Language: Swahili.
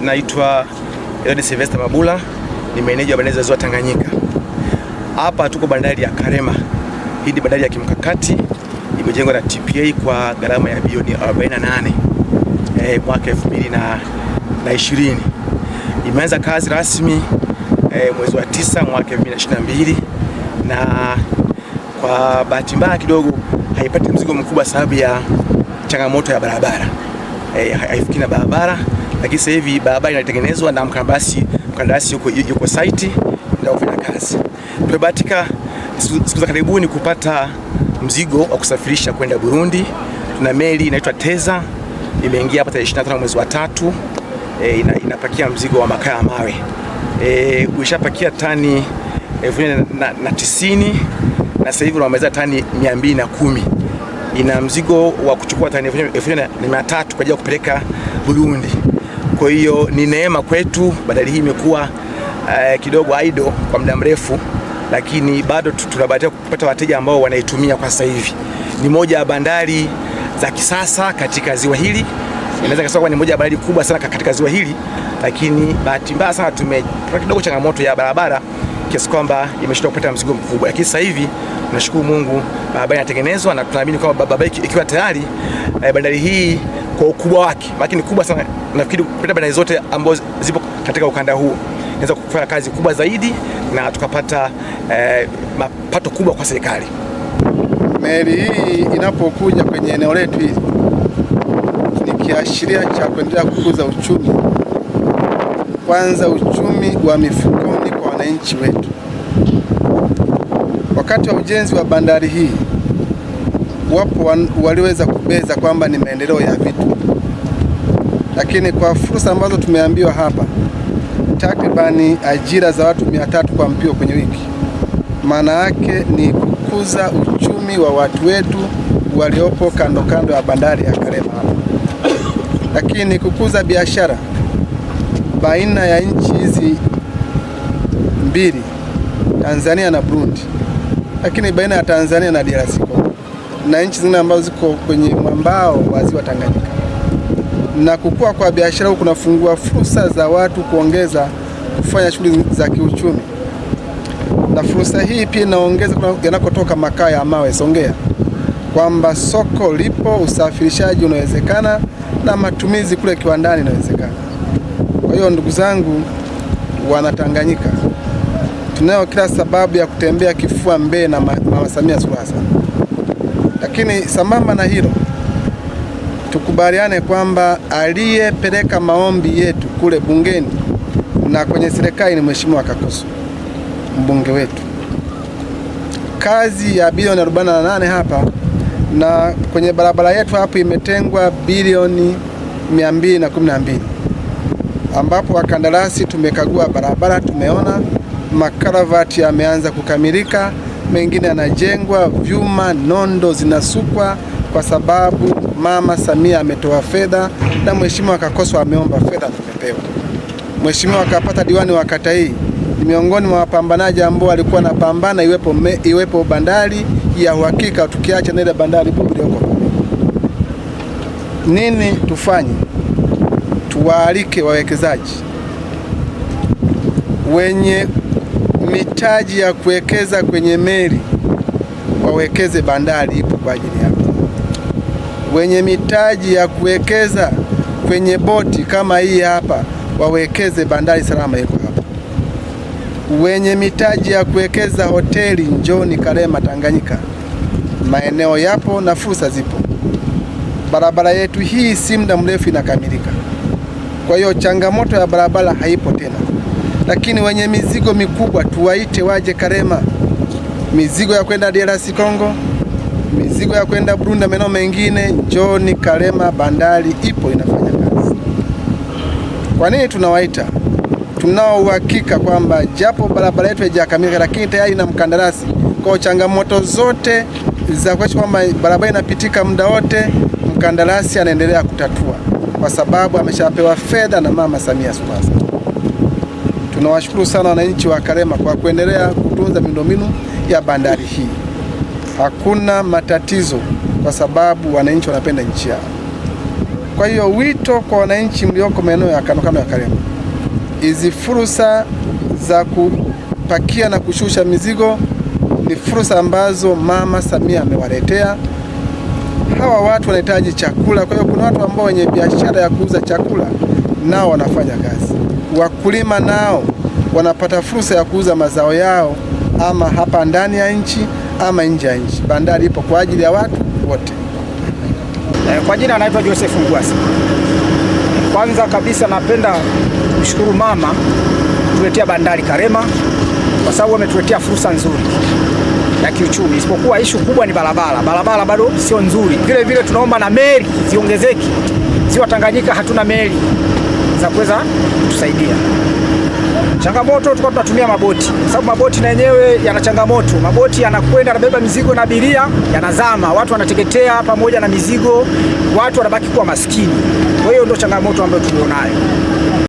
Naitwa Edward Sylvester Mabula, ni meneja wa bandari za Ziwa Tanganyika. Hapa tuko bandari ya Karema. Hii ni bandari ya kimkakati imejengwa na TPA kwa gharama ya bilioni 48 eh, mwaka 2020. Imeanza kazi rasmi eh, mwezi wa tisa mwaka 2022 na kwa bahati mbaya kidogo haipati mzigo mkubwa sababu ya changamoto ya barabara eh, haifiki na barabara lakini sasa hivi barabara inatengenezwa na mkandarasi, mkandarasi yuko, yuko site na kufanya kazi. Tumebahatika siku za karibuni kupata mzigo wa kusafirisha kwenda Burundi. Tuna meli inaitwa Teza imeingia hapa tarehe 25 mwezi wa tatu. E, ina, inapakia mzigo wa makaa ya mawe e, ulishapakia tani elfu na, na tisini na sasa hivi unamaliza tani mia mbili na kumi ina mzigo wa kuchukua tani elfu na mia tatu kwa ajili ya kupeleka Burundi. Kwa hiyo ni neema kwetu, bandari hii imekuwa uh, kidogo aido kwa muda mrefu, lakini bado tunabahatika kupata wateja ambao wanaitumia kwa sasa hivi. Ni moja ya bandari za kisasa katika ziwa hili, inaweza kusema ni moja ya bandari kubwa sana katika ziwa hili, lakini bahati mbaya sana tumepata kidogo changamoto ya barabara kiasi kwamba imeshindwa kupata mzigo mkubwa, lakini sasa hivi tunashukuru Mungu barabara inatengenezwa na tunaamini kwamba barabara ikiwa tayari, eh, bandari hii kwa ukubwa wake, lakini kubwa sana. Nafikiri kupita bandari zote ambazo zipo katika ukanda huu inaweza kufanya kazi kubwa zaidi na tukapata eh, mapato kubwa kwa serikali. Meli hii inapokuja kwenye eneo letu hili ni kiashiria cha kuendelea kukuza uchumi, kwanza uchumi wa mifukoni kwa wananchi wetu. Wakati wa ujenzi wa bandari hii wapo waliweza kubeza kwamba ni maendeleo ya vitu, lakini kwa fursa ambazo tumeambiwa hapa, takribani ajira za watu mia tatu kwa mpio kwenye wiki, maana yake ni kukuza uchumi wa watu wetu waliopo kando kando ya bandari ya Karema hapa, lakini kukuza biashara baina ya nchi hizi mbili Tanzania na Burundi, lakini baina ya Tanzania na DRC na nchi zingine ambazo ziko kwenye mwambao wa ziwa Tanganyika. Na kukua kwa biashara huko kunafungua fursa za watu kuongeza kufanya shughuli za kiuchumi, na fursa hii pia inaongeza yanakotoka makaa ya mawe Songea, kwamba soko lipo, usafirishaji unawezekana na matumizi kule kiwandani inawezekana. Kwa hiyo ndugu zangu Wanatanganyika, tunayo kila sababu ya kutembea kifua mbele na Mama Samia Suluhu Hassan. Lakini sambamba na hilo, tukubaliane kwamba aliyepeleka maombi yetu kule bungeni na kwenye serikali ni Mheshimiwa Kakoso, mbunge wetu. Kazi ya bilioni 48 hapa na kwenye barabara yetu hapo imetengwa bilioni 212 ambapo wakandarasi tumekagua barabara, tumeona makaravati yameanza kukamilika mengine yanajengwa, vyuma, nondo zinasukwa kwa sababu Mama Samia ametoa fedha na mheshimiwa akakoswa, ameomba fedha, tumepewa. Mheshimiwa akapata diwani wa kata hii, ni miongoni mwa wapambanaji ambao walikuwa napambana iwepo, me, iwepo bandari ya uhakika, tukiacha na ile bandari iliyoko. Nini tufanye? Tuwaalike wawekezaji wenye mitaji ya kuwekeza kwenye meli wawekeze bandari, ipo kwa ajili ya Wenye mitaji ya kuwekeza kwenye boti kama hii hapa, wawekeze bandari salama, iko hapa. Wenye mitaji ya kuwekeza hoteli, njoni Karema, Tanganyika, maeneo yapo na fursa zipo. Barabara yetu hii si muda mrefu inakamilika, kwa hiyo changamoto ya barabara haipo tena lakini wenye mizigo mikubwa tuwaite waje Karema, mizigo ya kwenda DRC Congo, mizigo ya kwenda Burundi, maeneo mengine, njoni Karema, bandari ipo inafanya kazi. Kwa nini tunawaita? Tunao uhakika kwamba japo barabara yetu haijakamilika, lakini tayari ina mkandarasi, kwa changamoto zote za kuhakikisha kwamba barabara inapitika muda wote, mkandarasi anaendelea kutatua, kwa sababu ameshapewa fedha na Mama Samia Suluhu Tunawashukuru sana wananchi wa Karema kwa kuendelea kutunza miundombinu ya bandari hii. Hakuna matatizo kwa sababu wananchi wanapenda nchi yao. Kwa hiyo wito kwa wananchi mlioko maeneo ya kando kando ya Karema, hizi fursa za kupakia na kushusha mizigo ni fursa ambazo Mama Samia amewaletea hawa watu. Wanahitaji chakula, kwa hiyo kuna watu ambao wenye biashara ya kuuza chakula nao wanafanya kazi wakulima nao wanapata fursa ya kuuza mazao yao ama hapa ndani ya nchi ama nje ya nchi. Bandari ipo kwa ajili ya watu wote. Eh, kwa jina anaitwa Joseph Ngwasi. Kwanza kabisa napenda kumshukuru mama kutuletea bandari Karema kwa sababu ametuletea fursa nzuri ya kiuchumi, isipokuwa ishu kubwa ni barabara. Barabara bado sio nzuri. Vile vile tunaomba na meli ziongezeke. Ziwa Tanganyika hatuna meli za kuweza kutusaidia. Changamoto tulikuwa tunatumia maboti, sababu maboti na yenyewe yana changamoto. Maboti yanakwenda yanabeba mizigo na abiria, yanazama, watu wanateketea pamoja na mizigo, watu wanabaki kuwa maskini. Kwa hiyo ndio changamoto ambayo tulionayo.